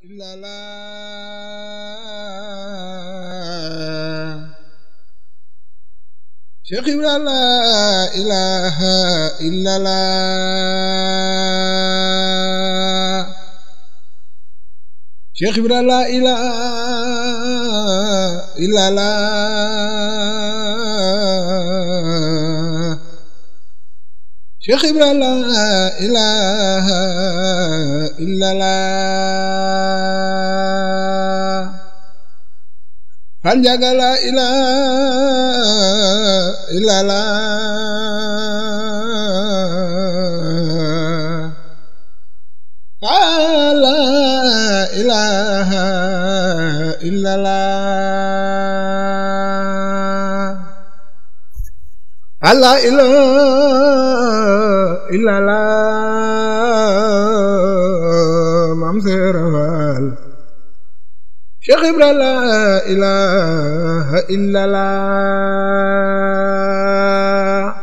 إلا لا شيخ لا إله إلا لا شيخ لا إله إلا لا ya la ilaha illallah la ilaha illallah la ilaha illallah Allah ilaha illallah maam seerafaal Cheikh Ibra la ilaha illallah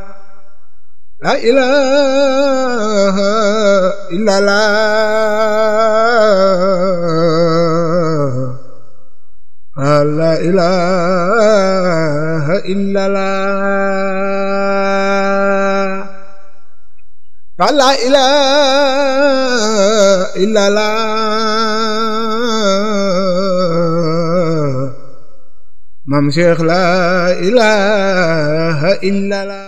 la ilaha illallah la ilaha illallah la ilaha illallah mam Cheikh la ilaha illallah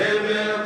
Amen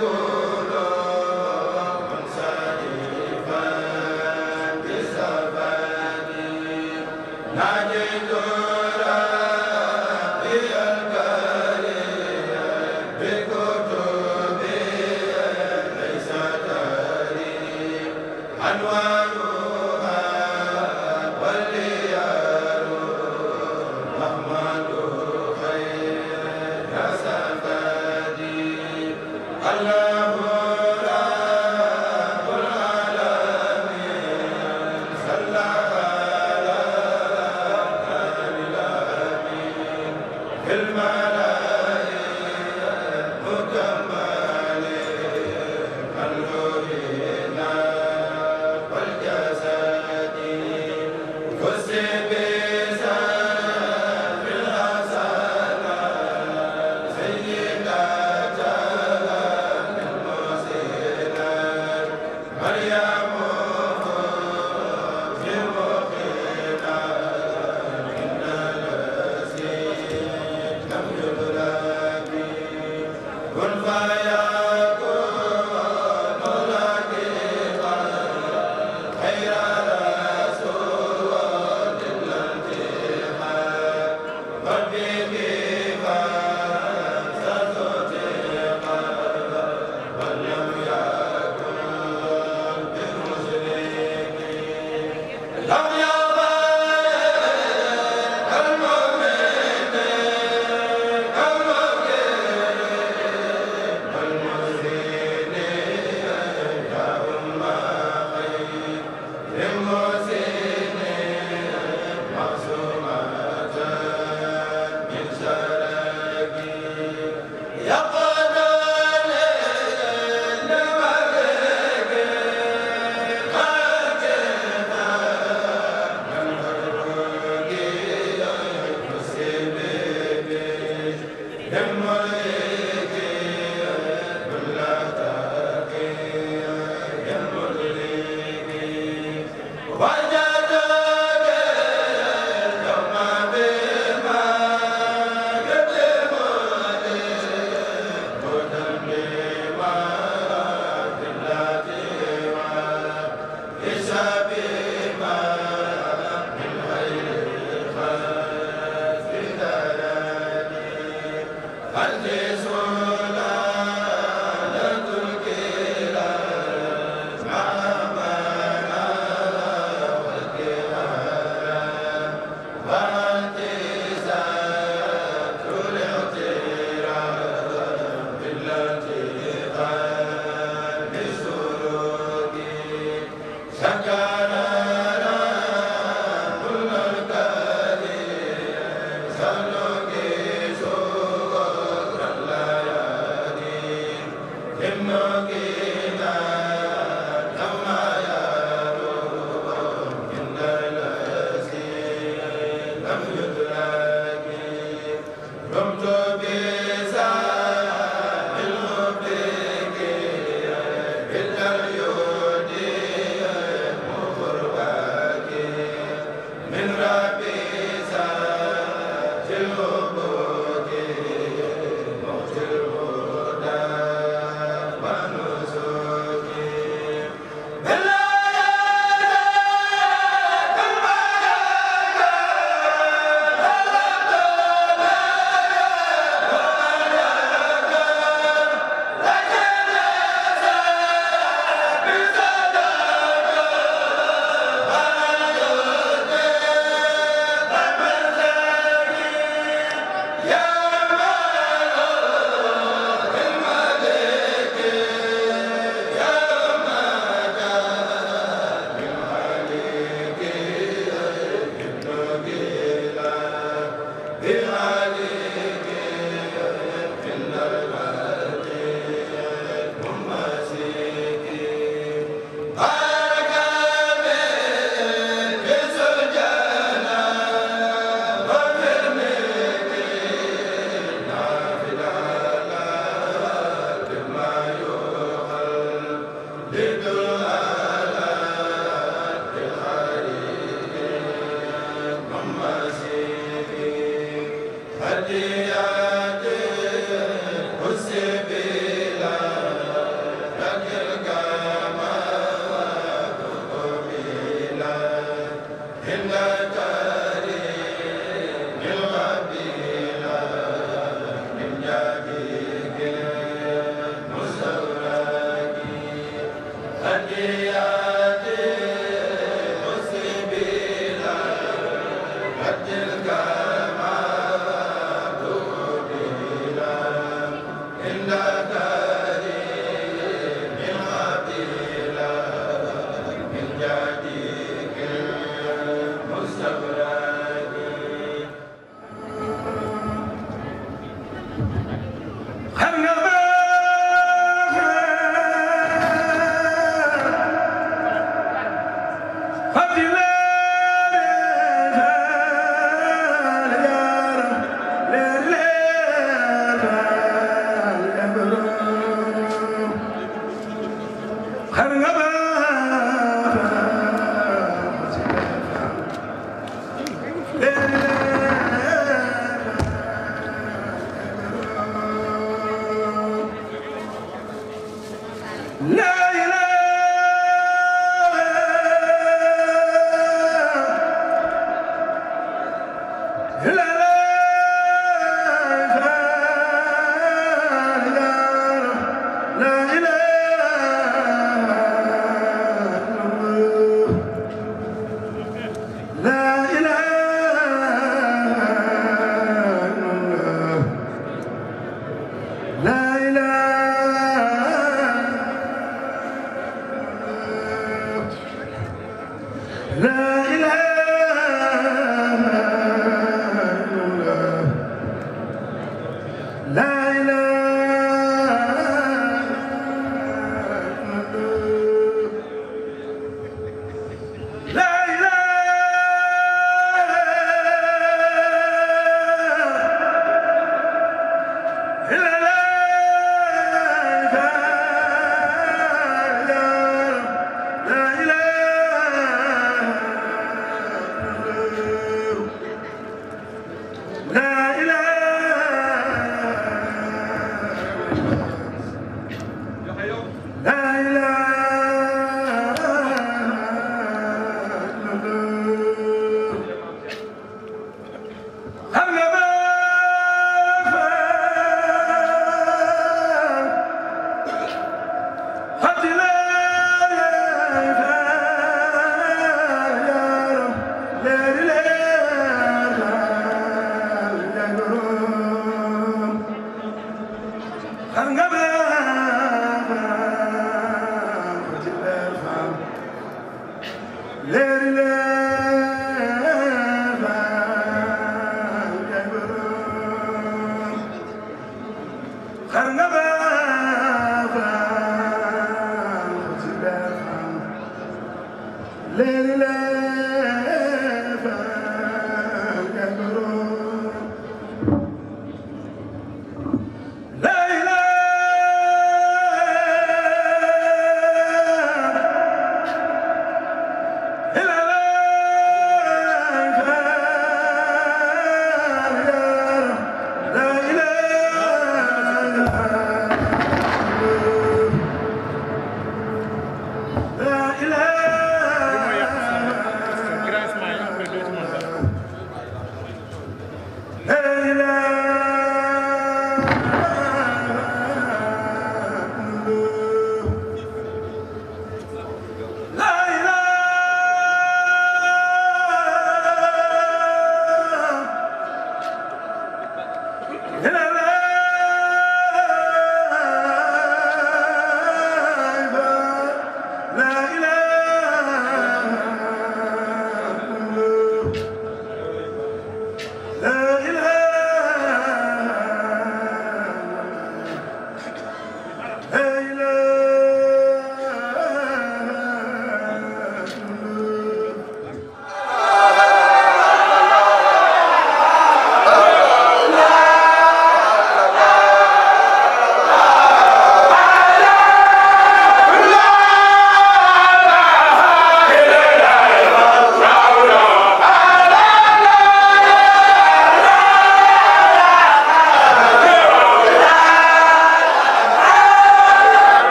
Hey!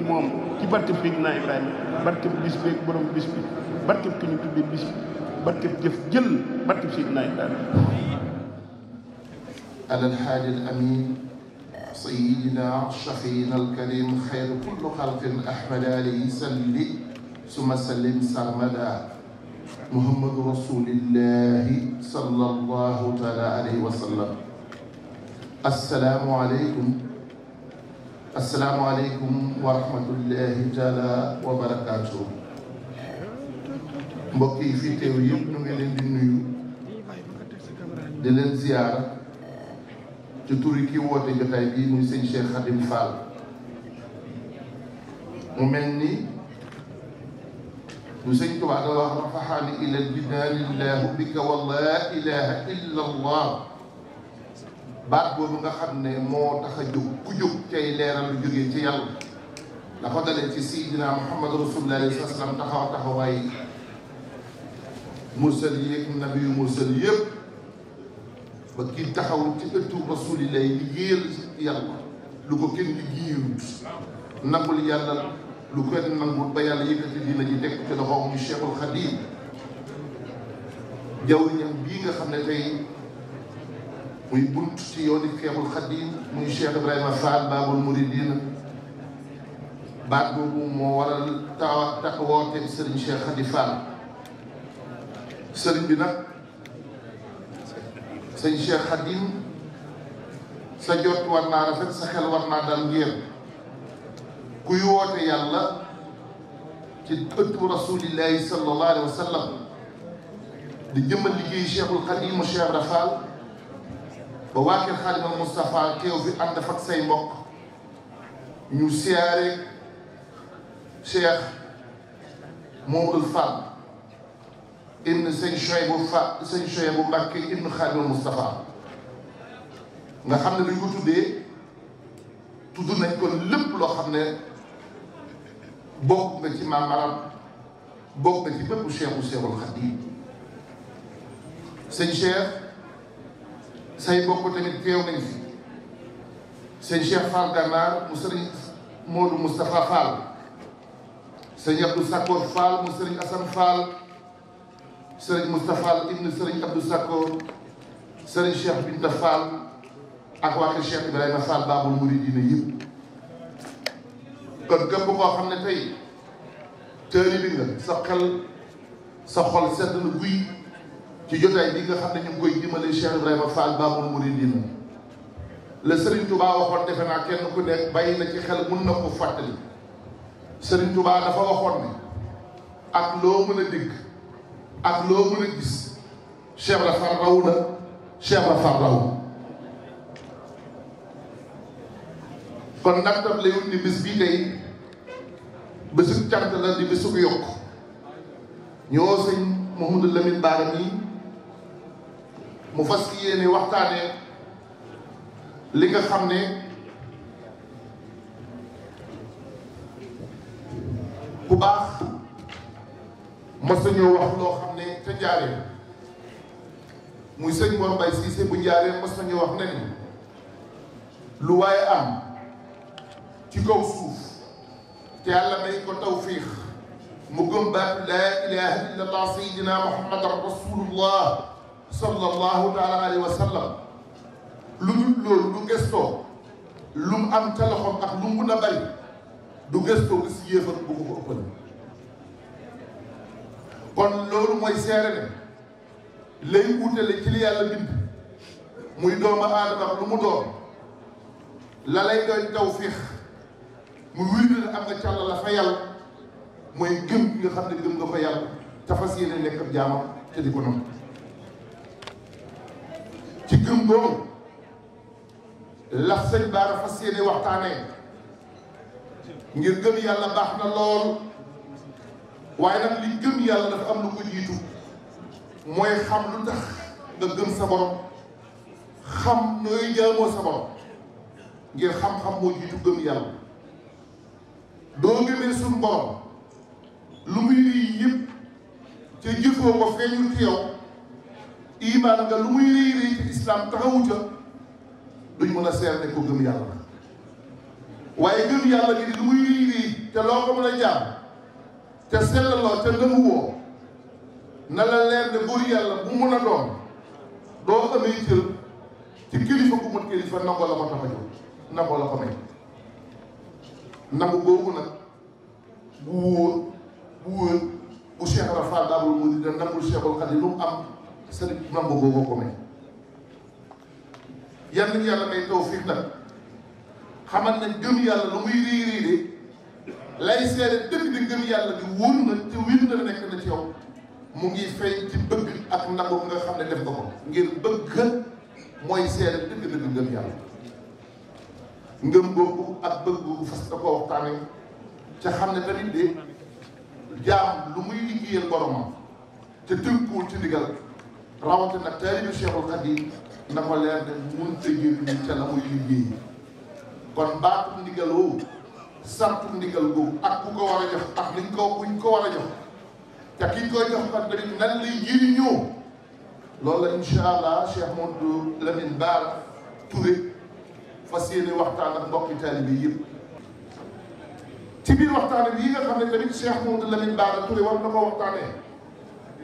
ak moom ci barkeb Seydina Ibrahima barkeb bis bi ak borom bis bi barkeb ki ñu tuddee bis bi barkeb jëf jël barkeb Seydina Ibrahima ala alhaaj alamin sayidina shafiina alkarim xayr kullu xalqin ahmad alayhi salli suma sallim sarmada muhammadu rasulillahi sallallahu taala alayhi wa sallam assalaamu aleykum asalaamualeykum wa rahmatullahi taala wa barakaatu mbokk yi fi teew yëpp ñu ngi leen di nuyu di leen ziyaar ci turi ki woote jotaay bi muy sëñ Cheikh Khadim Fall mu mel ni lu sëñ Tuubaa da wax rafaxaani ila l binaani llahu bika wa la ilaha illa allah baat boobu nga xam ne moo tax a jóg ku jóg cay leeral lu jógee ci yàlla la ko dalee ci sayyidina Muhammad rasulullah alayhi salaam taxaw taxawaay mursal yeeg nabi yu mursal yëpp ba kii taxaw ci ëttu rasulillah liggéeyal yàlla lu ko kenn liggéeyut nangul yàlla lu kenn nangul ba yàlla yëkkati diina ji teg ci loxoom Cheikhul Khadim jaww ñam bii nga xam ne tey. muy bunt ci yooni Seexul Xadiim muy Cheikh Ibrahima Fall Baabul Muridiina baat boobu moo waral taxaw tax wooteeg Serigne Cheikh Khady Fall Serigne bi nag sëñ Cheikh Khadim sa jot war rafet sa xel war naa dal ngir kuy woote yàlla ci ëttu rasulillahi sallallahu alayhi wa sallam di jëmmal liggéey Cheikhul Khadim Cheikh ba waa kër Xaadimal Moustapha teew fi ànd fa ak say mbokk ñu siyaare Cheikh Momadou Fall ibn sëñ mu Fall sëñ Chouaïbou Mbacké ibn Xaadimal nga xam ne bi ñu ko tuddee tudd nañ ko lépp loo xam ne bokk nga ci maamaram bokk nga ci bépp Cheikhu Cheikhul Xadim sëñ Cheikh say bokk tamit teew nañ fi sëñ Cheikh Fall Ganaar mu sëriñ Modou Moustapha Fall sëriñ Abdou Sakkoor Fall mu sëriñ Assane Fall sëriñ Moustapha ibn sëriñ Abdou Sakkoor sëriñ Cheikh Binta Fall ak waa kër Cheikh Ibrahima Fall Babul Mouridina yëpp kon képp koo xam ne tey taalibe sa xel xol sedd na ci jotaay bi nga xam ne ñu ngi koy jëmale Cheikh Ibrahima Fall Baabul Muridiin la Serigne Touba waxoon defe naa kenn ku nekk bàyyi na ci xel mun na ko fàttali Serigne Touba dafa waxoon ne ak loo mën a dégg ak loo mën a gis Cheikh la Fall raw la Cheikh la Fall raw kon ndax tam lay ni bis bii tey bésu cant la di bésu yokk ñoo sëñ Mouhamadou Lamine Bara yi mu fas yéene waxtaanee li nga xam ne bu baax mos nañoo wax loo xam ne ca njaareem muy sëñ Mor Mbaye Cissé bu njaareem mos nañoo wax ne lu waaye am ci kaw suuf te yàlla may ko tawfiix mu gëm baatu laa ilaha illallah sayyidina muhammadan rasulullah sallallahu taala alayhi wa sallam lu dul loolu du gëstoo lu mu am ca loxoom ak lu mu mun a bari du gëstoo gis yéefar bu ko ko ëppale kon loolu mooy seere ne lay wutale ci li yàlla bind muy doomu aadama lu mu doon la lay doy tawfiix mu wiir la am nga càlla la fa yàlla mooy gëm nga xam ne gëm nga fa yàlla te fas yéene nekk ak jaamam te di ko nangu ci gëm googu la sëñ Bara fas yéene waxtaanee ngir gëm yàlla baax na lool waaye nag li gëm yàlla dafa am lu ko jiitu mooy xam lu tax nga gëm sa xam nooy jaamoo sa ngir xam-xam moo jiitu gëm yàlla doo gëmee suñu borom lu muy yëpp ca jëfoo ko feeñul ci yow. iman nga lu muy rëy rëy ci islam taxawu mën a seer ne ko gëm yàlla waaye gëm yàlla gi lu muy rëy rëy te loo ko mën a jaam te sellaloo te dënguwoo na la leer ne buur yàlla bu mun a doon doo amee cër ci kilifa ku mën kilifa nangoo la ko tax a jóg la ko may nangu googu nag bu wóor bu wóor bu Cheikh Rafal daabul mu di da nangul Cheikhul Xadim lu am sëriñ Bamba boobu ko may yal nañu yàlla may tawfiq nag xamal ne gëm yàlla lu muy riiriiri lay seere dëgg di gëm yàlla di wóor na ci wir na nekk na ci yow mu ngi feeñ ci bëgg ak nangu nga xam ne def nga ko ngir bëgg mooy seere dëgg dëgg ngëm yàlla ngëm boobu ak bëgg fas da ko waxtaane ca xam ne tamit de jaam lu muy liggéeyal boromam te tënkuwul ci ndigal rawatina nag taalibu Cheikhul Khadim na ko leer ne mënta jëriñu ca la muy liggéey kon baatum ndigal woowu sartum ndigal googu ak ku ko war a jox ak liñ ko kuñ ko war a jox te kiñ koy jox kat tamit nan lay jëriñoo loolu la incha allah Cheikh Modou Lamine Bara Touré fas yéene waxtaan ak mbokki taalibe yëpp. ci biir waxtaan bi yi nga xam ne tamit Cheikh Modou Lamine Bara Touré war na ko waxtaanee.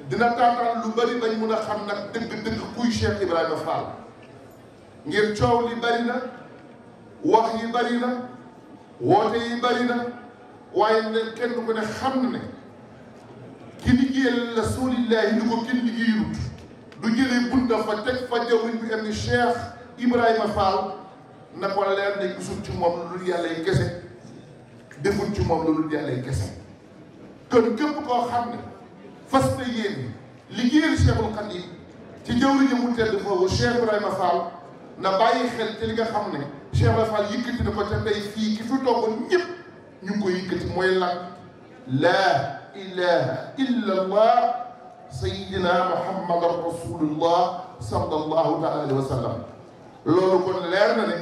dina taataan lu bari bañ mun a xam nag dëgg-dëgg kuy Cheikh Ibrahima Fall ngir coow li bari na wax yi bari na woote yi bari na waaye nag kenn ku ne xam ne ki liggéeyal Rasulillahi lu ko kenn liggéeyut du jëlee bunta fa teg fa jawriñ bi indi Cheikh Ibrahima Fall na ko leer ne gisul ci moom lu dul yàlla yi kese deful ci moom lu dul yàlla yi kese kon képp koo xam ne. fas na yéen liggéeyal Cheikhul Khadim ci jëwriñu mu tedd foofu Cheikh Ibrahima Fall na bàyyi xel ci li nga xam ne Cheikh Ibrahima Fall yëkkati na ko te tey fii ki fi toogoon ñëpp ñu ngi ko yëkkati mooy lan laa ilaha illa allah sayidina muhammadan rasulullah sallallahu taala alayhi wa sallam kon leer na ne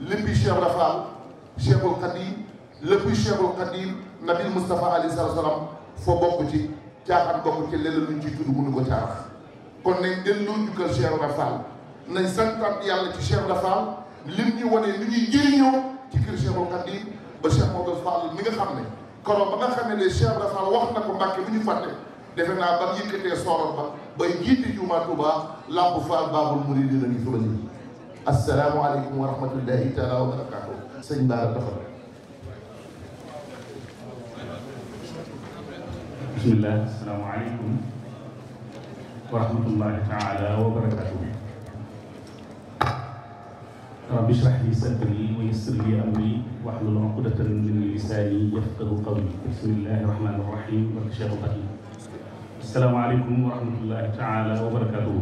léppi Cheikh Ibrahima Fall Cheikhul Khadim léppi Cheikhul Khadim nabil Moustapha alayhi salaam foo bokk ci caaxaan bokk ci leneen luñ ciy tudd mënu ko caaf kon nañ delloo njukkal Cheikh Ibra Fall nañ santaat yàlla ci Cheikh Ibra Fall lim ñu wane li ñuy jëriñoo ci kër Cheikh Ibra ba Cheikh Maodo Fall mi nga xam ne kon ba nga xam ne ne Cheikh Ibra Fall wax na ko Mbàkke bu ñu fàtte defe naa ba yëkkatee sooroon ba bay jiite jumaa Tuubaa Lamp Fall Baabul Muridiina la ñu fa bëri asalaamaaleykum wa rahmatullahi taala wa barakaatu sëñ Bara dafa bismillah asalaamaaleykum wa rahmatullahi taala wa barakatuhu rabbi shrah li sadri wa yassir li amri wahlul uqdatan min lisani yafqahu qawli bismillahi rahmani rahim barke Cheikh Bati asalaamaaleykum wa rahmatullahi taala wa barakatuhu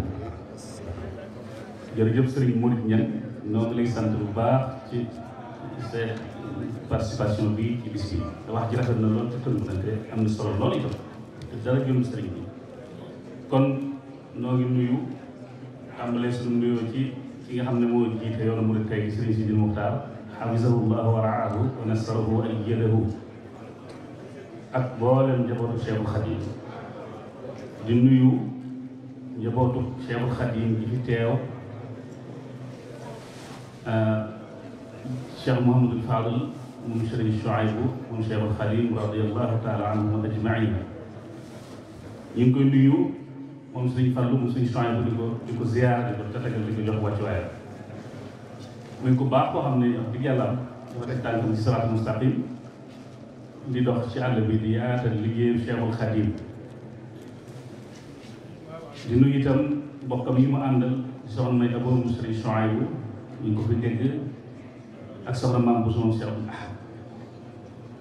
jërëjëf sëriñ Modou Niang noo ngi lay sant bu baax ci seet participation bi ci bis bi wax ji rafet na lool te tënk am na solo lool itam te dara jëlum sëriñ kon noo ngi nuyu tàmbalee suñu nuyoo ci nga xam ne moo jiite yoonu murid tey gi sëriñ Sidi Muxtaar xafisahullahu wa raahu wa nasarahu wa ayyadahu ak mboolem njabootu Cheikhul Khadim di nuyu njabootu Cheikhul Khadim moom Sëriñ Shuaybu moom Cheikhul Xalim radiallahu taala anhum ajmain ñu ngi koy nuyu moom Sëriñ Fallu moom Sëriñ Shuaybu di ko di ko ziar di ko tatagal di ko jox wàccu waayam muy ko baax koo xam ne wax dëgg yàlla dafa teg tànkam ci siraat mustaqim di dox ci àll bi di yaatal liggéeyu Cheikhul Xadim di nuyu itam bokkam yi mu àndal soxna may aboomu Sëriñ Shuaybu ñu ngi ko fi dégg ak soxna maam bu suma Cheikh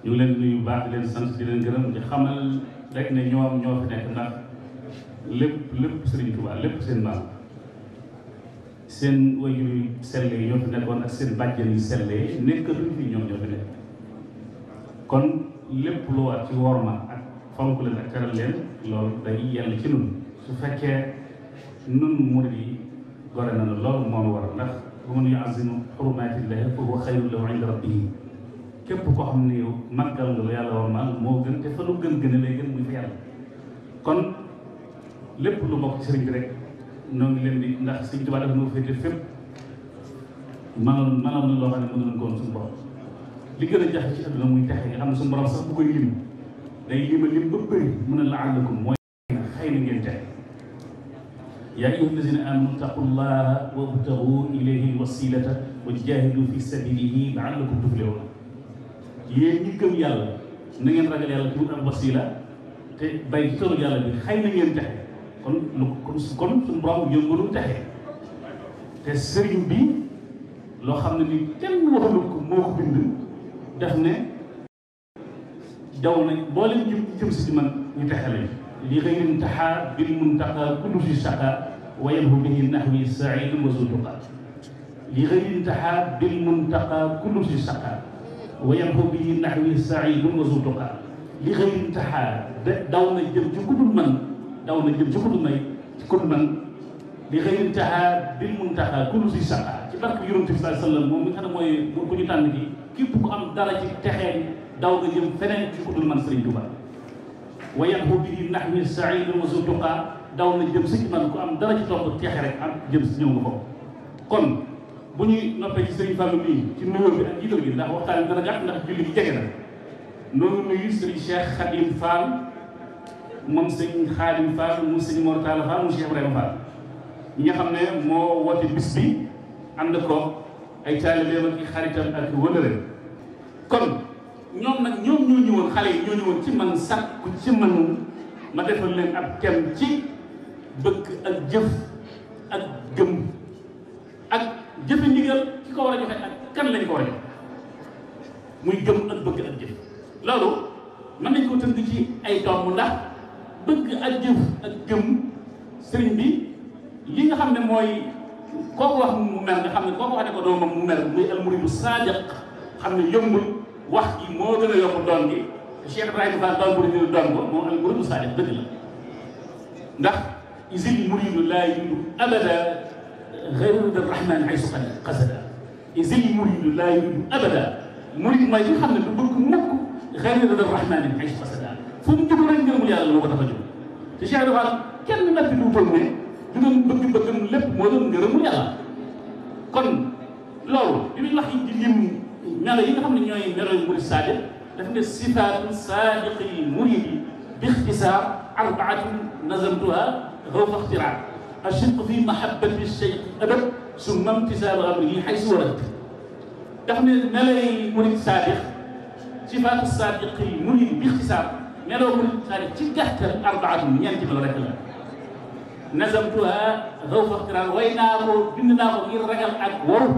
ñu ngi leen di nuyu baax di leen sant di leen gërëm xamal rek ne ñoom ñoo fi nekk ndax lépp lépp Serigne Touba lépp seen maam seen wajur yu selle yi ñoo fi nekkoon ak seen bàjjen yu selle yi nekkatuñ fi ñoom ñoo kon lépp lu war ci worma fonk leen ak teral leen loolu day yàlla ci nun su fekkee nun murid yi gore na loolu moo war ndax wa man yu'azzim hurumaatillahi fa huwa xayrun lahu inda rabbih képp koo xam ne yow màggal nga lu yàlla war maal moo gën te fa lu gën gën lay gën muy fa yàlla kon lépp lu bokk ci sëriñ bi rek noo ngi leen di ndax sëriñ Tuubaa def noo féete fépp mënoon mënoon na loo xam ne mënoon ko woon suñu borom li gën a jaxe ci àdduna muy texe nga xam ne suñu borom sax bu koy lim day lima lim ba bëri mën a la àllakum mooy xëy na ngeen texe yaa ayyuha allazina amanu taqullaha wabtagu ilayhi alwasilata wa jahidu fi sabilihi laallakum tuflihun yéen ñi gëm yàlla na ngeen ragal yàlla tuut ak wasila te bay ci toolu yàlla bi xëy na ngeen texe kon lu kon suñu borom yëngalul texe te sëriñ bi loo xam ne ni kenn waxalu ko moo ko bind def ne jaw nañ boo leen jëm jëm si man ñu texe lañ li xëy rin taxaa bil muntaqa kullu si saqa wa yalhu bihi nahwi saidun wa zutuqa li xëy rin taxaa bil muntaqa kullu si saqa ويمحو به نحوي سعيد وذو تقى لغير انتحى داونا جëm ci ku dul man داونا jëm ci ku dul may ci ku dul man لغير انتحى بالمنتحى كل ذي سعى ci barke yonent bi sallallahu alayhi wasallam moom mi xam ne mooy ku ñu tànn bi képp ku am dara ci texeen daw nga jëm feneen ci ku dul man Sëriñ Tuubaa wa yemxu bii nahwi said wasu tuqaa daw na jëm si man ku am dara ci topp texe rek am jëm si ñëw nga foofu kon bu ñuy noppee ci sëriñ Fallou bii ci nuyoo bi ak jiital bi ndax waxtaan bi dana gàtt ndax julli gi jege na noonu nuyu sëriñ Cheikh Khadim Fall moom sëriñ Khadim Fall mu sëriñ Mor Talla Fall mu Cheikh Ibrahima xam ne moo woote bis bi ànd ko ay taalibeem ak i xaritam ak kon ñoom nag ñoom ñoo ñëwoon xale yi ñoo ñëwoon ci man sàkku ci man ma defal leen ab thème ci bëgg ak jëf ak gëm ak jëfe ndigal ki ko war a joxe ak kan lañ ko war a joxe muy gëm ak bëgg ak jëf loolu man nañ ko tënk ci ay tomb ndax bëgg ak jëf ak gëm sëriñ bi lii nga xam ne mooy kooku wax mu mel nga xam ne kooku wax ne ko doomam mu mel muy almuridu saadiq xam ne yombul wax yi moo gën a yokk doon gi Cheikh Ibrahima Fall doon buri ñu doon ko moom almuridu saadiq dëgg la ndax isil muridu laa yundu abada غير ود الرحمن حيث قصدا إذ المريد لا يريد أبدا murid mooy ki xam ne du bëgg mukk xëy na daf rahmaani ay fasadaa fu mu jublu rek ngërëmul yàlla moo ko tax a jub te Cheikh Ibra Fall kenn natti du toog ne du doon bëgg mbëggam lépp moo doon ngërëmul yàlla kon loolu li muy wax yi di lim melo yi nga xam ne ñooy melo yu murid saadiq daf ne sifaatu saadiqi murid bi ixtisaar arbaatun nazamtuha xawfa ixtiraar ashirk fi mahabbati cheikh abad summa imtisaalu amrihi xaysu warat ndax ne melay murid saadiq sifaatu saadiq yi murid bi ixtisaab meloo murid saadiq ci gàttal arbaatun ñeenti mel rek la nazamtuha xawfa ixtiraan way naa ko bind naa ko ngir ragal ak waru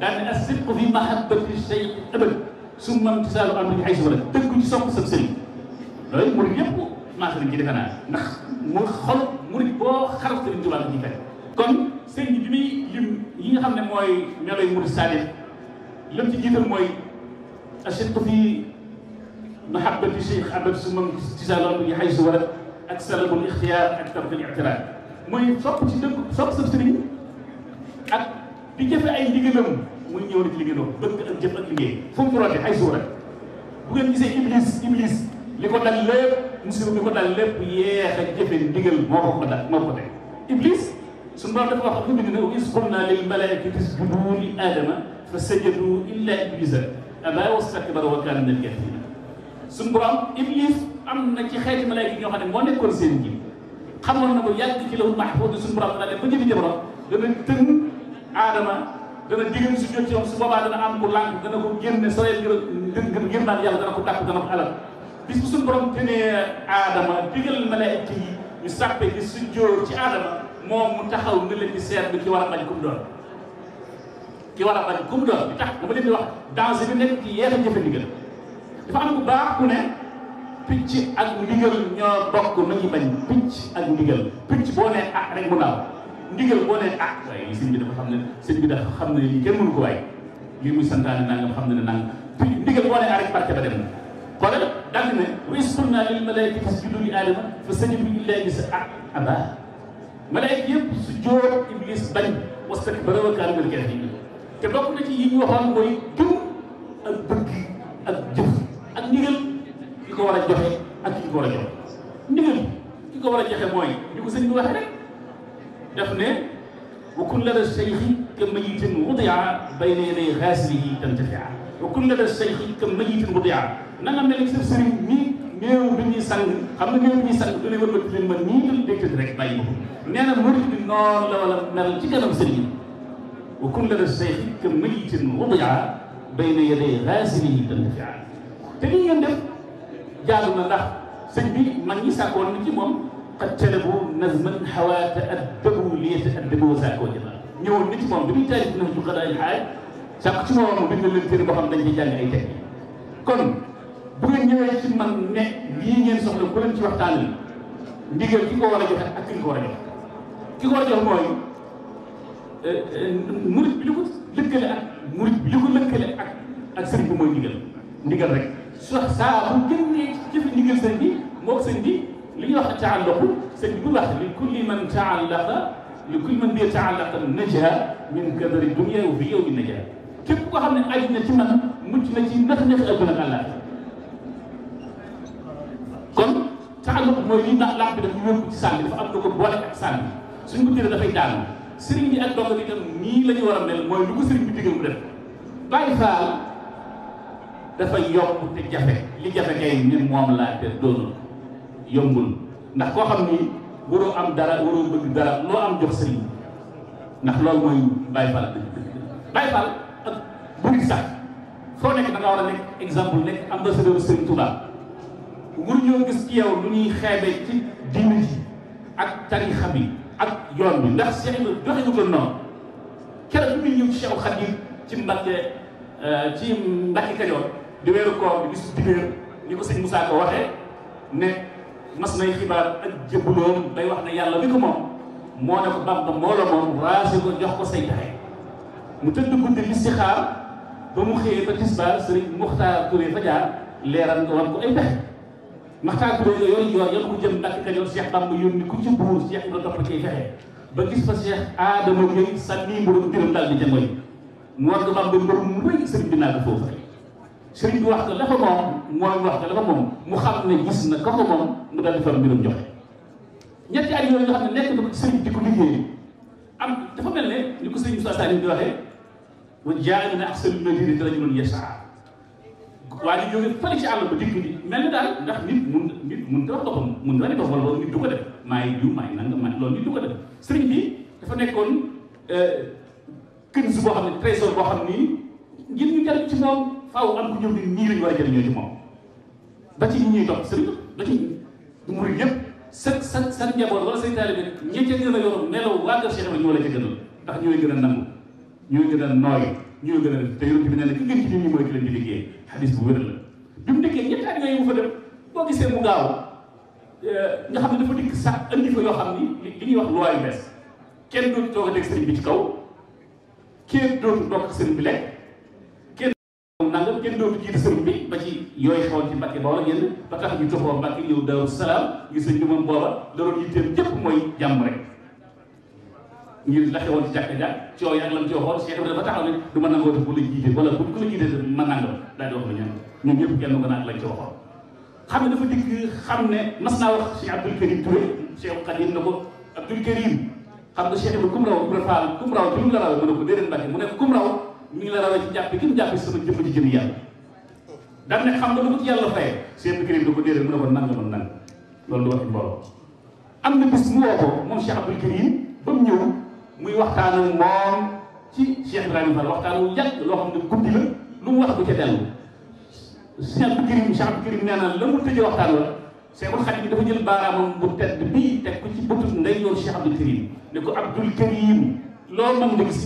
daan ne ashirk fi mahabbati cheikh abad summa imtisaalu amrihi xaysu warat dëgg ci sopp sa sëriñ loolu murid yëpp maaxarin ji defe naa ndax mu xol murid boo xarab Sëriñ Tuubaa la ñuy fekk kon sëriñ bi muy lim yi nga xam ne mooy meloy murid saalih lam ci jiital mooy achet ko fi mahabbati cheikh abad sumam tisalon yi xay su warat ak salabul ixtiyaar ak tarkul ictiraar mooy sopp ci dëgg sopp sa sëriñ ak di jëfe ay ndigalam muy ñëw na ci liggéey doon bëgg ak jëf ak liggéey fu mu rote xay su warat bu ngeen gisee iblis iblis li ko dal lépp musiba bi ko dal lépp yeex a jëfe ndigal moo ko ko dal moo ko teg iblis suñu borom dafa wax lu ne wa iz qulnaa lil malaa'ikati isjudu li aadama fa sajaduu illaa iblisa abaa wastakbara wa kaana minal kaafiriin suñu borom iblis am na ci xeeti malaayka yi ñoo xam ne moo nekkoon seen ji xamoon na ko yàgg ci lawhul mahfuus suñu borom daal ba jëfi jabaram dana tënk aadama dana digal su jot ci moom su boobaa dana am ku lànk dana ko génne soreel ngir ngir naan yàlla dana ko tàkk dana bis bu suñu borom tenee aadama digal malaayka yi ñu sàppe di sujjóor ci aadama moom mu taxaw nga leen di seetlu ki war a bañ kum doon ki war a bañ kum doon bi tax dama leen di wax danger bi nekk ci yéex a jëfe ndigal dafa am ku baax ku ne picc ak ndigal ñoo bokk nañu bañ picc ak ndigal picc boo nee ah rek mu naaw ndigal boo nee ah, ne sëñ ko waay lii muy santaane nangam xam ne ne nangam ndigal boo nee ah rek barke ba dem xoolal dal ne wa sunnaa lil malaayikati isjudu li aadama fa sajudu illa ibliis abaa malaayika yëpp su joor iblis bañ wastakbara wa kaana minal kaafiriin te bokk na ci yi ñu waxoon mooy gëm ak bëgg ak jëf ak ndigal ki ko war a joxe ak ki ko war a joxe ndigal ki ko war a joxe mooy ñu ko sëñ bi waxee kun lada sheyxi ka mayitin wudia na nga mel sa sëriñ mii néew bi ñuy sang xam nga néew bi ñuy sang du lay wër ba leen man nii la dégg rek bàyyi ko nee na murid bi noonu la wala mel ci kanam sëriñ wa kun lana seyxi ka mayitin wudia bayna yaday raasilihi tantafiaa te lii ngeen def jaadu na ndax sëñ bi mag ñi sàkkoon na ci moom qad talabu nazman xawaa taaddabu li yataaddabu sàkkoo jëla ñëwoon na ci moom bi muy taalif na ju xadaay xaaj sàkk ci moom bind leen téere boo xam dañ ci jàng ay teg kon bu ngeen ñëwee ci man ne lii ngeen soxla ku leen ci waxtaan wi ndigal ki ko war a joxe ak ki ko war a joxe ki ko war a joxe mooy euh, euh, murit bi li ko lëkkale ak murit bi li ko lëkkale ak ak sëriñ bi mooy ndigal ndigal rek sax saa bu génnee jëfe ndigal sëriñ bi moo sëriñ bi li ñuy wax taalluqu sëriñ bi bu wax li kulli man taallaqa li kulli man bi taallaqa naja min kadari dunya wa fi yawmi naja képp koo xam ne aju na ci man mucc na ci nax-nax adduna ak àllaaxira yokk mooy lii ndax làmp bi dafa yomb ci suñ ko tëree dafay daanu sëriñ bi mooy lu ko sëriñ bi digal li jafe kay ni moom laa te koo xam ni waroo am dara waroo loo am jox sëriñ ndax loolu mooy bàyyi faal buri sax foo nekk da nga war a nekk exemple nekk ambassadeur sëriñ Tuubaa waruñoo gis ci yow lu ñuy xeebe ci diine ji ak tarixa bi ak yoon bi ndax Cheikh Ibrahima joxe ñu ko noonu keroog bi muy ñëw ci Cheikh Khadim ci Mbàkke euh, ci Mbàkke Kajoor di weeru koor bi bis dibéer ni ko sëñ Moussa ko waxee ne mas nay xibaar ak jëbbuloom day wax ne yàlla bi ko moom moo ne ko Bamba moo la moom raase ko jox ko say taxe mu tëdd guddi listixaar ba mu xëyee ba tisbaar Sëriñ Muxtaar Touré fa jaar leeral nga ko ay taxe maxtaan bi la yooyu yooyu yan ko jëm dakk ku ci buur Cheikh Ibra topp cay fexe ba gis fa Cheikh Adama Gueye sànni mbirum mbirum dal di jëngoy mu war ko Bamba mbër mu rëy sëriñ bi naa ko foofu sëriñ wax ko la fa moom moom wax la fa moom mu xam ne na ko ko moom mu dal di far mbirum joxe ñetti at yooyu nga xam ne nekk na ko sëriñ di ko liggéey am dafa mel ne ni ko sëriñ Moussa Saliou di waxee wa jaa'alnaa ahsanal madiinati rajulan yas'aa waa ji jóge fële ci àll ba dikk ni mel ni daal ndax nit mun nit mun da wax boppam mun loolu nit du ko def maa ngi jiw maa ngi nangam maa loolu nit du ko def sëriñ bi dafa nekkoon euh, kën si boo xam ne trésor boo xam ni ngir ñu jëriñ ci moom faaw am ku ñëw ni nii lañu war a jëriñoo ci moom ba ci ñuy topp sëriñ ba ci murid yëpp sa sa sa njaboot wala say taalibe ñeenteel gën a yor ñu war a ci gënal ndax ñooy gën a nangu ñooy gën a nooy ñu la gën a def te yonent bi nee na ki gën ci nit ñi mooy ki leen di liggéey xadis bu mu dëkkee ñetti at yooyu fa dem boo gisee mu gaaw euh, nga xam ne dafa dikk sax andi fa yoo ñuy wax loi kenn dootu toog a dégg sëriñ bi ci kenn dootu bokk sëriñ bi bi ba ci yooyu xewoon ci Mbàkke ba wala génn ba tax ñu toxoo Mbàkke ñëw Daaru Salaam gis nañ ni moom booba la doon yitteem jëpp mooy jàmm rek ngir la xewoon ci jàkka ja ci waxoon Cheikh ma nangoo te ku la jiite wala bu ku la jiite ma nangam daal di wax lu ñaan ñun ñëpp kenn ko naan lañ ci waxoon xam ne dafa dikk xam ne mas naa wax Cheikh Abdoul Karim Touré Cheikh Khadim na ko ci lu mu la rawee mu ne ko déedéet Mbàkke mu ne kum raw la rawee ci da ko déedéet mu ne ko nangamoon nang loolu du wax mbooloo am na bis mu woo ko moom Cheikh Abdoul Karim ba ñëw muy waxtaan ak moom ci Cheikh Ibrahima Fall waxtaan wu yàgg loo xam ne guddi la lu mu wax bu ca dellu Cheikh Abdou Karim Cheikh bu ko ci bëtu ndeyjoor Cheikh Karim ne ko Abdul Karim loolu moom nga gis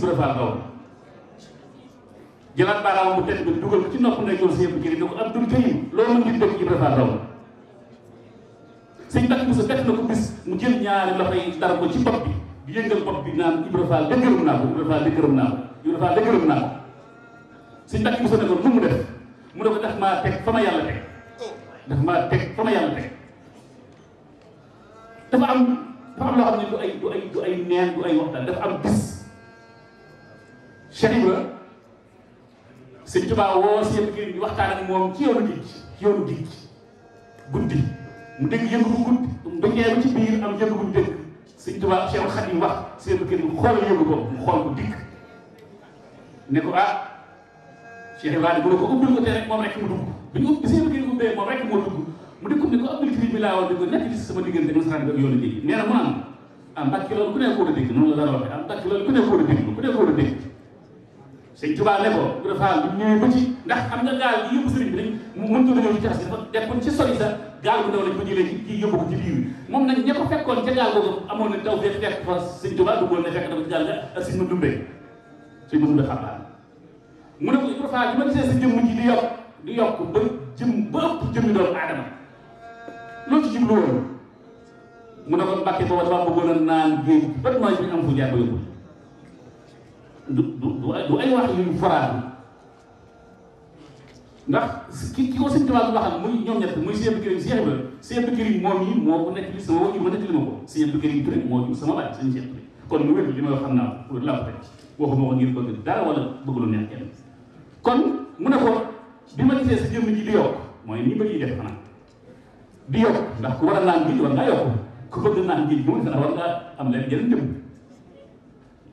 Ibrahima bu tedd bi dugal ko ci nopp ndeyjoor Cheikh ko Abdul Karim loolu moom nga dégg na ko bis mu jël ñaari loxo yi dara ko ci bopp bi di yëngal bopp bi naan Ibra Fall de gërëm naa ko Ibra Fall de gërëm naa ko Ibra Fall de gërëm naa ko suñ mbàkk bi sa nekkoon lu mu def mu ne ko daf maa teg fa ma yàlla teg daf maa teg fa ma yàlla teg dafa am dafa am loo xam ne du ay du ay du ay neen du ay waxtaan dafa am bis Cheikh Ibra sëñ Tuubaa woo seen kër yi waxtaan ak moom ci yoonu géej ci yoonu géej guddi mu dégg yëngu bu guddi mu dëggee ba ci biir am yëngu bu dégg sëñ Tuubaa Cheikh Xadim wax seen kër yi xool yóbbu ko mu xool bu dikk ne ko ah Cheikh Ibrahima bu ne ko ubbil ko te rek moom mu dugg bi ñu ubbi seen kër yi rek moo dugg mu dikkum ne ko abdul kiri bi laa woon di ko nekk ci sama diggante masaan ak yoonu ji nee na mu am ah mbàkki loolu ku ne foo a dégg noonu la dara waxee ah mbàkki loolu ku ne foo a dégg ku ne foo a sëñ Tuubaa ne ko Ibra Faal bi ñëwee ba ci ndax xam nga gaal gi yóbbu sëriñ bi dañ mënut a ñëw ci tefes dafa dekkoon ci sori sa gaal bu ndaw lañ ko jëlee ci kii yóbbu ko ci biir moom nag ña ko fekkoon ca gaal googu amoon na taw fekk fekk fa sëñ Tuubaa duggoon ne fekk dafa ci gaal ga ak sëñ ma dumbe sëñ ma dumbe xam naa mu ne ko Ibra Faal bi ma gisee sa jëmm ji di yokk di yokk ba jëm ba ëpp jëmmi doomu aadama loo ci jublu woon mu ne ko Mbàkke booba dama bëggoon a naan géej ba mooy bi am fu jaar ba yóbbu du du du ay wax yuñ foraatu ndax ki ki ko sëñ Tuubaa bi waxal muy ñoom ñett muy Sëñ Abdou Karim Cheikh Ibrahima Sëñ moom yi moo ko nekk li sama wajur ma nekk li moo jur sama baay sëñ Cheikh Touré kon lu wér li ma wax xam naa ko laa ko teg waxuma ko ngir bëgg wala bëgg lu kon mu ne ko bi ma gisee sa jëmm ji di yokk mooy ni bëgg yi def xanaa di yokk ndax ku war a naan géej war ngaa yokk ku bëgg naan géej bu mu war ngaa am leen yeneen jëmm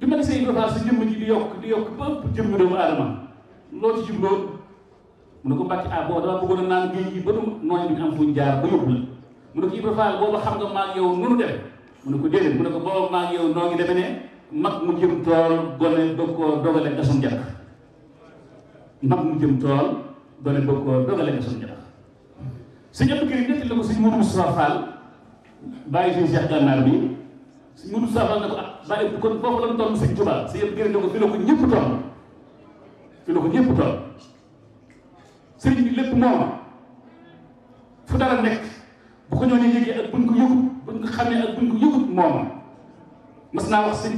li ma gisee Ibra Fall sa jëmm ji di yokk di yokk ba jëmm doomu aadama loo ci jubloo mu ne ko mbàcc ah boo dama bëggoon a naan géej gi ba du nooy bi am fuñ jaar ba yóbbu la mu ne ko Ibra Fall booba xam nga maa yow nunu def mu ne ko déedéet mu ne ko booba maa yow noo ngi mag mu jëm tool gone doog koo dogale gasum jàkk mag mu jëm tool gone doog koo dogale gasum jàkk sëñ Abdou Karim ñetti la ko sëñ Mourou Moustapha Fall bàyyi suñu Cheikh Gànnaar bi suñ mënu saafal ne ko ah bàyyi kon foofu la si yëpp gërëm ne ko fi la ko ñëpp toll fi la ko ñëpp toll sëriñ bi lépp mooma fu dara nekk bu ko ñoo ne yëgee ak buñ ko yëgut buñ ko xamee ak buñ ko yëgut mooma mas naa wax sëñ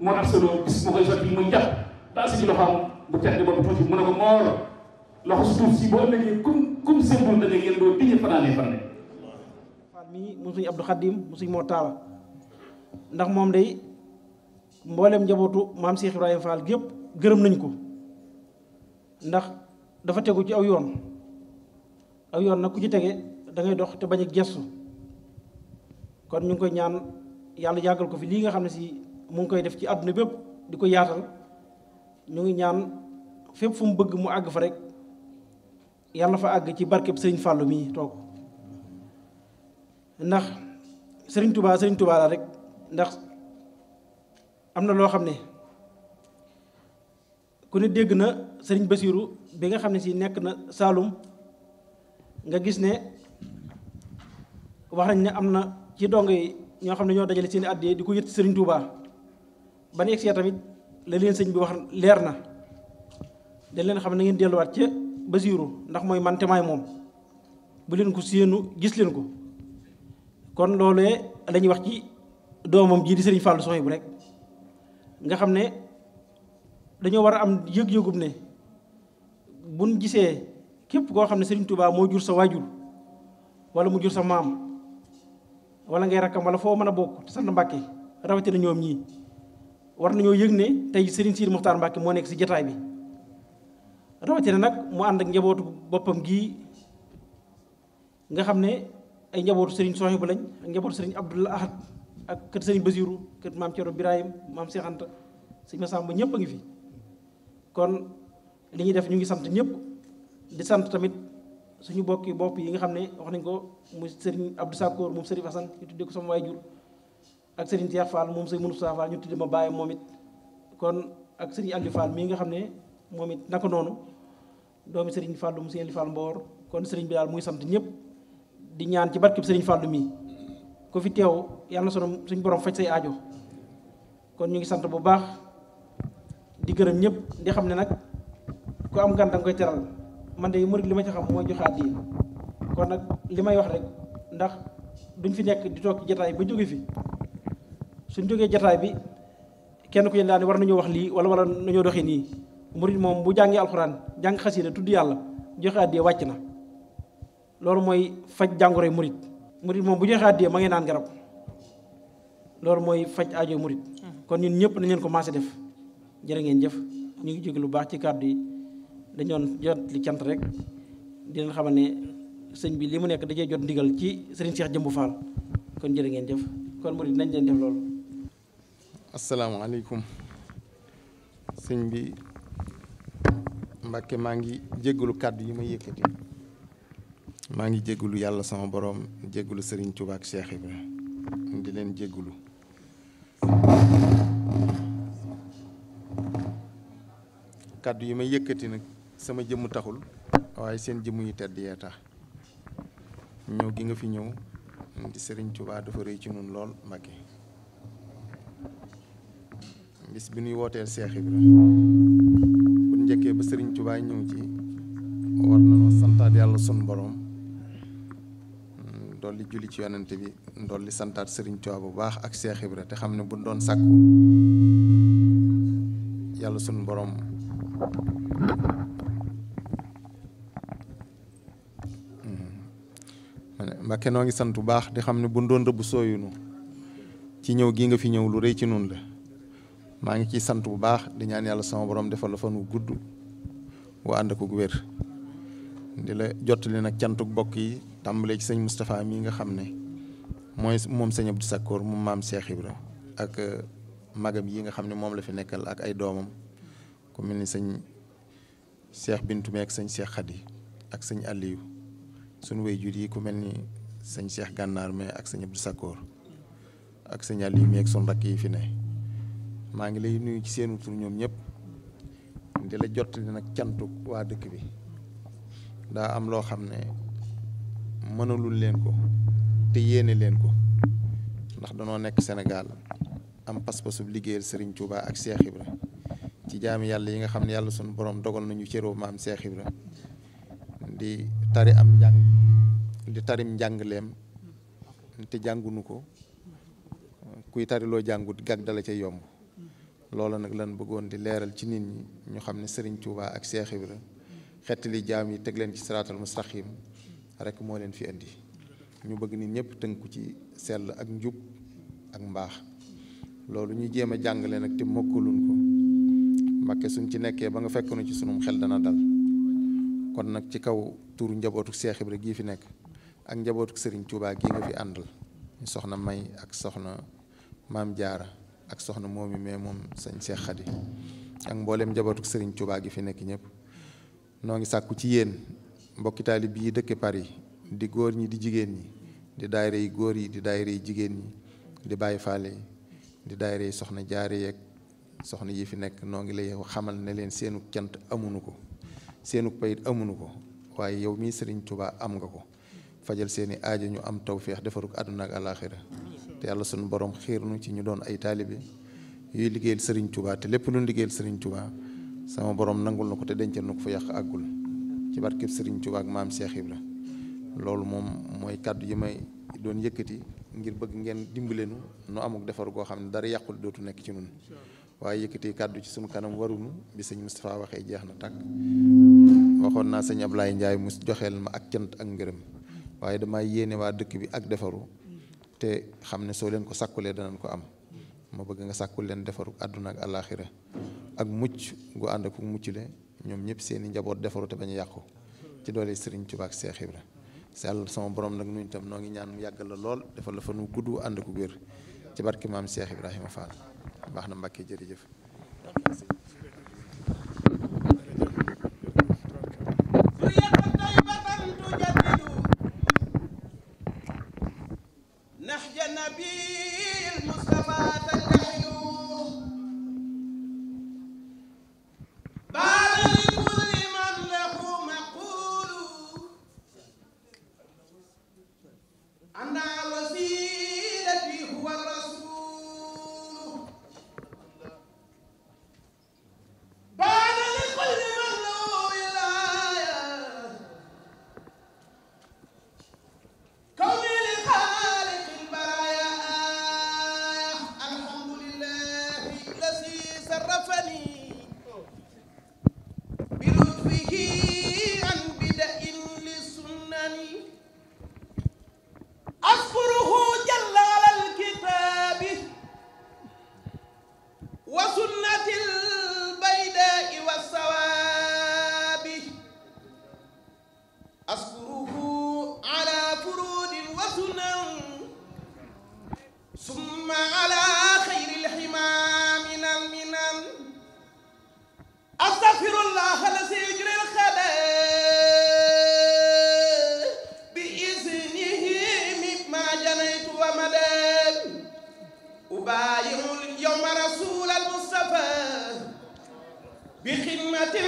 moo ak solo gis mu koy sotti muy jàpp daal sëñ loxoom bu ko moor loxo suuf si boo ëllëgee comme comme sëñ bu ne da ngeen doo digg fanaanee fan ne. mii mu suñ Abdou Khadim mu suñ moo taala ndax moom day mboolem njabootu maam Cheikh Ibrahima gépp gërëm nañ ko ndax dafa tegu ci aw yoon aw yoon nag ku ci tege dangay dox te bañ a gestu kon ñu ngi koy ñaan yàlla yàggal ko fi lii nga xam ne si mu ngi koy def ci àdduna bépp di ko yaatal ñu ngi ñaan fépp fu mu bëgg mu àgg fa rek yàlla fa àgg ci barkeb sëriñ Fàllu mii toog ndax sëriñ Touba sëriñ Touba rek ndax am na loo xam ne ku ne dégg na sëriñ Basiiru bi nga xam ne si nekk na Saalum nga gis ne wax nañ ne am na ci dong yi ñoo xam ne ñoo dajale seen i àddee di ko yët sëriñ Touba ba nu egsee tamit la leen sëñ bi wax leer na dañ leen xam ne na ngeen delluwaat ca Basiiru ndax mooy man te maay moom bu leen ko séenu gis leen ko kon loolee la wax ci doomam jii di sëriñ Fallou bu rek nga xam ne dañoo war a am yëg-yëgub ne buñ gisee képp koo xam ne sëriñ Touba moo jur sa waajur wala mu jur sa maam wala ngay rakkam wala foo mën a bokk te sant Mbàkke rawatina ñoom ñii war nañoo yëg ne tey sëriñ Sidi Muxtaar Mbàkke moo nekk si jataay bi rawatina nag mu ànd ak njabootu boppam gii nga xam ne ay njabootu sëriñ Sohaibou lañ ak njabootu sëriñ Abdoul Ahad ak kër sëñ Basiru kër maam Cerno Birahim maam Seex si sëñ Masamba ñëpp a ngi fi kon li ñuy def ñu ngi sant ñëpp di sant tamit suñu bokki bopp yi nga xam ne wax nañ ko mu sëriñ Abdou Sakkoor moom sëriñ Fasan ñu tuddee ko sama waajur ak sëriñ Seex Fall moom sëriñ Moussa Fall ñu tuddee bàyyi moom kon ak sëriñ Aliou Fall mii nga xam ne moom it naka noonu doomi sëriñ Fall mu sëriñ Aliou Mboor kon sëriñ bi daal muy sant ñëpp di ñaan ci barkeb sëriñ Fall mii ku fi teew yàlla na suñ borom faj say aajo kon ñu ngi sant bu baax di gërëm ñëpp di xam ne nag ku am gan da koy teral man de murid li ma ci xam mooy joxe addiya kon nag li may wax rek ndax duñ fi nekk di toog jataay ba jóge fi suñ jógee jataay bi kenn ku yéen daal ne war nañoo wax lii wala wala nañoo doxee nii murid moom bu jàngee alxuraan jàng xasida tudd yàlla joxe addiya wàcc na loolu mooy faj jàngoroy murid murit moom bu joxe àddee ma ngi naan garab loolu mooy faj aajo murit hmm. kon ñun ñëpp nañ ko commencé def jërë ngeen jëf ñu ngi jóg lu baax ci kàddu yi dañoon jot li cant rek di leen xamal ne sëñ bi li mu nekk dajee jot ndigal ci sëriñ Cheikh Jëmbu Fall kon jërë ngeen jëf kon murit dañ leen def loolu asalaamaaleykum sëñ bi Mbàkke maa ngi jéggalu kàddu yi ma yëkkati maa ngi jégalu yàlla sama boroom jégalu sëriñ Touba ak Cheikh Ibrahima di leen jégalu kàddu yi may yëkkati nag sama jëmm taxul waaye seen jëmm yu tedd yee tax ñëw gi nga fi ñëw di Serigne Touba dafa rëy ci nun lool Mbacké bis bi nuy wooteel Cheikh Ibrahima bu njëkkee ba Serigne Touba ñëw ci war na noo yàlla sun boroom dolli julli ci yonante bi dolli santaat Serigne Touba bu baax ak Cheikh rek te xam ne bu doon sàkku yàlla sunu boroom ma mm-hmm. mm-hmm. noo ngi sant bu baax di xam ne bu doon rëbb sooyunu ci ñëw gii nga fi ñëw lu rëy ci nun la maa ngi ciy sant bu baax di ñaan yàlla sama boroom defal la fan wu gudd wa ànd ko gu wér di la jottali nag cantuk bokk yi tàmbalee ci sëñ Moustapha mii nga xam ne mooy moom sëñ Abdou Sakkoor mu maam seex Ibra ak euh, magam yi nga xam ne moom la fi nekkal ak ay doomam ku mel sëñ Cheikh Bintu meek sëñ Cheikh Khady ak sëñ Aliou sunu waajur yi ku mel ni sëñ Cheikh Gànnaar me ak sëñ Abdou Sakkoor ak sëñ Aliou meek sunu rakk yi fi ne maa ngi lay nuyu ci seen tur ñoom ñëpp di la jottali nag cantuk waa dëkk bi. daa am loo xam ne mënalul leen ko te yéene leen ko ndax danoo nekk Sénégal am pas-pasub liggéeyal Serigne Touba ak Cheikh Ibra ci jaami yàlla yi nga xam ne yàlla sunu boroom dogal nañu cëroo maam Cheikh Ibra di tari am njàng di tarim leem te jàngunu ko kuy tari loo jàngut gàg dala ca yomb loola nag lan bëggoon di leeral ci nit ñi ñu xam ne Serigne Touba ak Cheikh Ibra xettali jaam yi teg leen ci siraatal mustaqim rekk moo leen fi indi ñu bëgg nit ñëpp tënku ci sell ak njub ak mbaax loolu ñu jéem a jàngale nag te mokkaluñ ko suñ ci nekkee ba nga fekk nu ci sunum xel dana dal kon nag ci kaw turu njabootu Seex Ibra gii fi nekk ak njabootu sëriñ Touba gii nga fi àndal ñu soxna May ak soxna Maam Jaara ak soxna moomi mais moom sañ Seex Xadi ak mbooleem njabootu Serigne Touba gi fi nekk ñëpp. noo ngi sàkku ci yéen mbokki taalib yi par Paris di góor ñi di jigéen ñi di daayira yi góor yi di daayira yi jigéen ñi di bàyyi faale yi di daayira yi soxna jaare yeeg soxna yi fi nekk noo ngi lay xamal ne leen seenu cant amunu ko seenu payit amunu ko waaye yow mii sëriñ Tuubaa am nga ko fajal seeni aajo ñu am tawféex defaruk àdduna ak àlaaxira te yàlla sunu borom xiir nu ci ñu doon ay taalibe yuy liggéeyal sëriñ Tuubaa te lépp luñ liggéeyal sëriñ Tuubaa sama borom nangul na ko te dencal na ko fa yàq àggul ci barkeb Sëriñ Tuubaa ak maam Cheikh Ibra loolu moom mooy kàddu yi may doon yëkkati ngir bëgg ngeen dimbalenu nu amuk defar goo xam ne dara yàqul dootu nekk ci nun waaye yëkkati kàddu ci sunu kanam warunu bi sëñ Moustapha waxee jeex na tàkk waxoon naa sëñ ab Ablaye Ndiaye mu joxeel ma ak cant ak ngërëm waaye damay yéene waa dëkk bi ak defaru te xam ne soo leen ko sàkkulee danañ ko am ma bëgg nga sàkkul leen defarug àdduna ak àllaaxira ak mucc gu ànd ak mucc le ñoom ñëpp seeni njaboot defaru te bañ a yàqu ci doole Serigne Touba ak Cheikh Ibra sàll sama borom nag nuñ tam noo ngi ñaan mu yàggal la lool defal la fa nu gudd ànd ak wér ci barki maam Cheikh Ibrahima Fall baax na Mbàkke jërëjëf بخدمة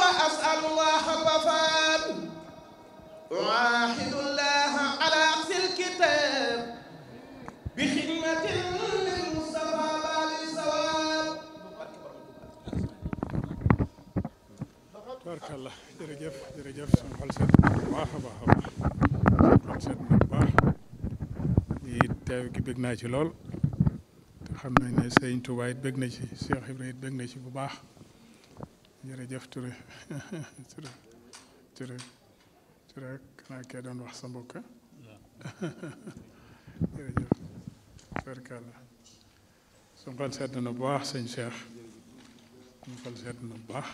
وأسأل الله وفاد واحد الله على عكس الكتاب بخدمة للمصطفى بالي سواب بارك الله jërëjëf jërëjëf suñu xol seet bu baax a baax a baax suñu xol seet na bu baax di teew gi bég naa ci lool te xam nañ ne Sëriñ Tuubaa it bég na ci Cheikh Ibrahima it bég na ci bu baax jërëjëf Touré Touré Touré Touré xanaa kee doon wax sa mbokk jërëjëf barkalla suñu na bu baax sëñ Cheikh suñu xel seet na bu baax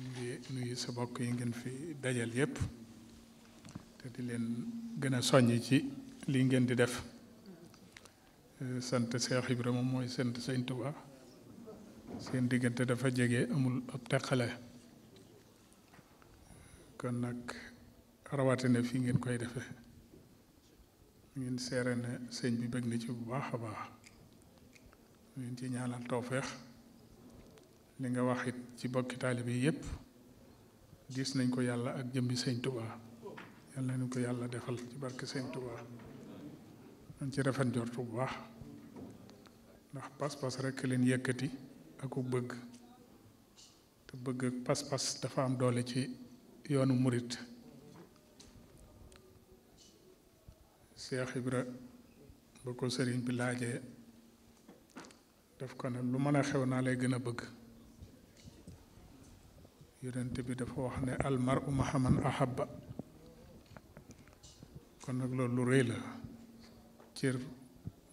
ngi nuyu sa bokk yi ngeen fi dajal yépp te di leen gën a soññ ci lii ngeen di def eh, sant Cheikh moom mooy sant sëñ Touba seen diggante dafa jege amul ab teqale kon nag rawatina fii ngeen koy defe ngeen seere ne sëñ bi bëgg na ci bu baax a baax ngeen ci ñaanal tawféex li nga wax it ci bokki taalibe yi yépp gis nañ ko yàlla ak jëmbi sëñ tubaa yàlla nañ ko yàlla defal ci barke sëñ tubaa dañ ci rafet njort bu baax ndax pas-pas rekk leen yëkkati aku bëgg te bëgg ak pas-pas dafa am doole ci yoonu murit Seex Ibra ba ko sëriñ bi laajee daf ko ne lu mën a xew naa lay gën a bëgg yonent bi dafa wax ne almar u mahaman ahaba kon nag loolu lu rëy la cër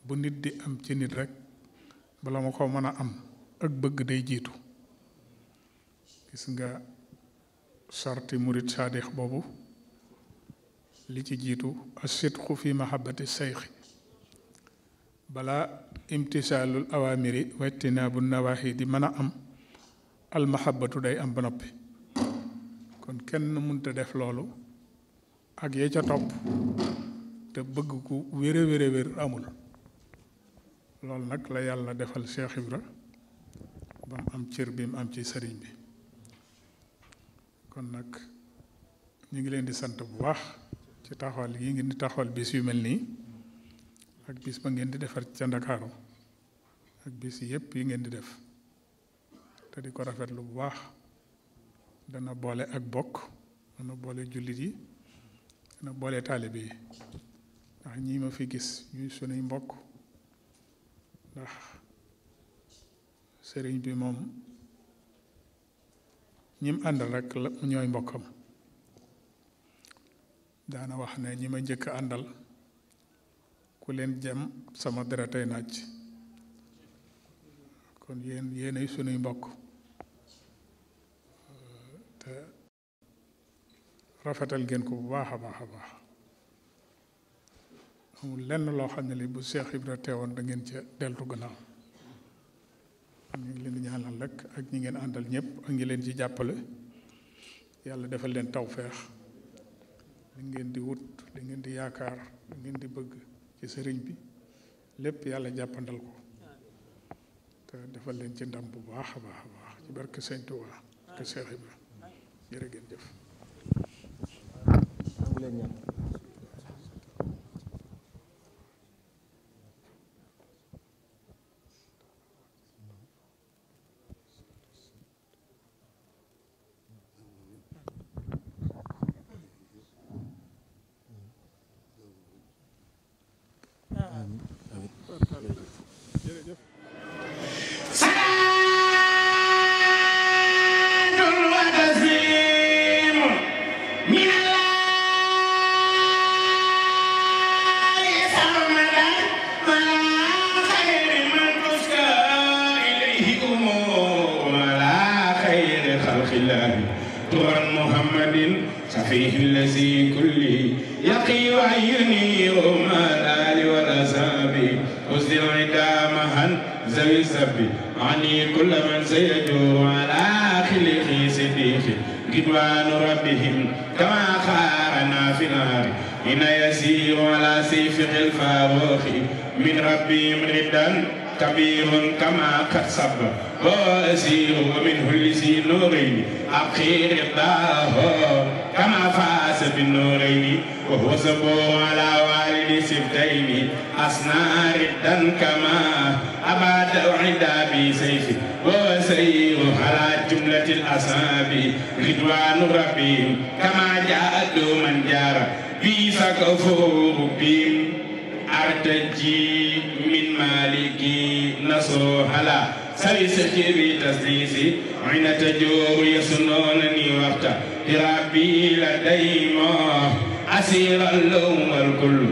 bu nit di am ci nit rek bala ma ko mën a am ak bëgg day jiitu gis nga sarti murit saadix boobu li ci jiitu asidqu fi mahabbati seyxi balaa imtisaalul awaamiri wajtinaabu nawaahi di mën a am almahabatu day am ba noppi kon kenn mënta def loolu ak yee ca topp te bëgg ku wére wére wér amul loolu nag la yàlla defal Cheikh Ibra ba mu am cër bi mu am ci sëriñ bi kon nag ñu ngi leen di sant bu baax ci taxawal yi ngeen di taxawal bis yu mel nii ak bis ba ngeen di defar ca Ndakaaru ak bis yépp yi ngeen di def te di ko rafet lu bu baax dana boole ak bokk dana boole jullit yi dana boole taalibe yi ndax ñii ma fi gis ñuy sunuy mbokk ndax sëriñ bi moom ñim àndal rek la ñooy mbokkam daana wax ne ñi ma njëkk àndal ku leen jëm sama dara tey naaj kon yéen yéenay sunuy mbokk te rafetal ngeen ko bu baax a baax a baax amul lenn loo xam ne li bu Seex Ibra teewoon da ngeen ca deltu gannaaw ñu ngi leen di ñaanal rek ak ñi ngeen àndal ñëpp ak ngi leen ci jàppale yàlla defal leen tawfeex li ngeen di wut li ngeen di yaakaar li ngeen di bëgg ci sëriñ bi lépp yàlla jàppandal ko te defal leen ci ndam bu baax a baax a baax ci barke Sëñ Tuubaa barke Seex Ibra jërë ngeen jëf العزيز عن تجور يسنونني وقت ربي لديما أسير اللوم الكل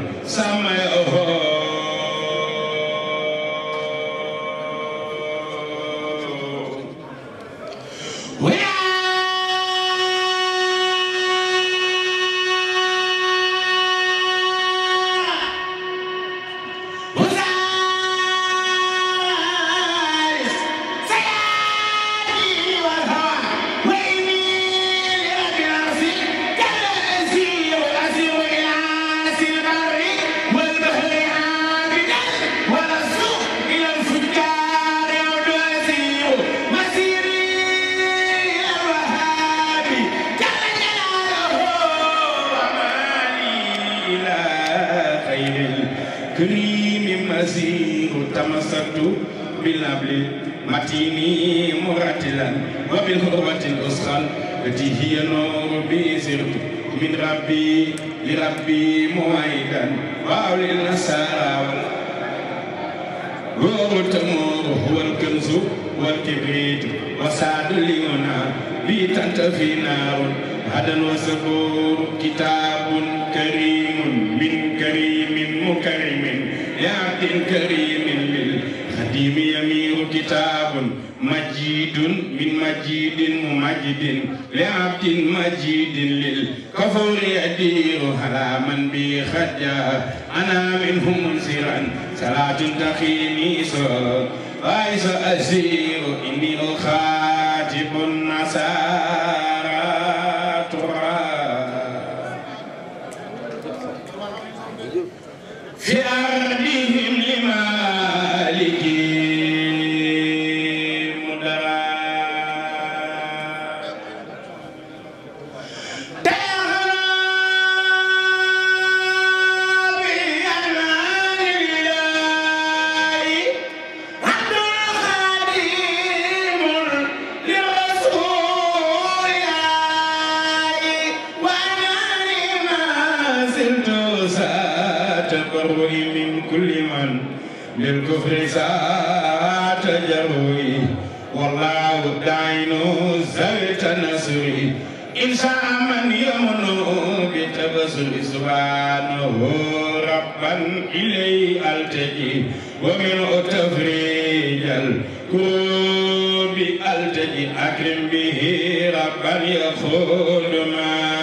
التي هي نور بي سرت من ربي لربي موعدا واو للنسارى روح التمور هو الكنز والكبريت وسعد ليونا بي تنتفي نار هدى وسبور كتاب كريم من كريم مكرم لعبد كريم للخديم يمير كتاب مجيد من مجيد ممجد لعبد مجيد للكفور يدير على من بخجا أنا منهم منزرا صلاة تقيني سر فايز أزير إني أخاطب النصارى ومنه تفريج الكوب ألتجي أكرم به ربا يخون ما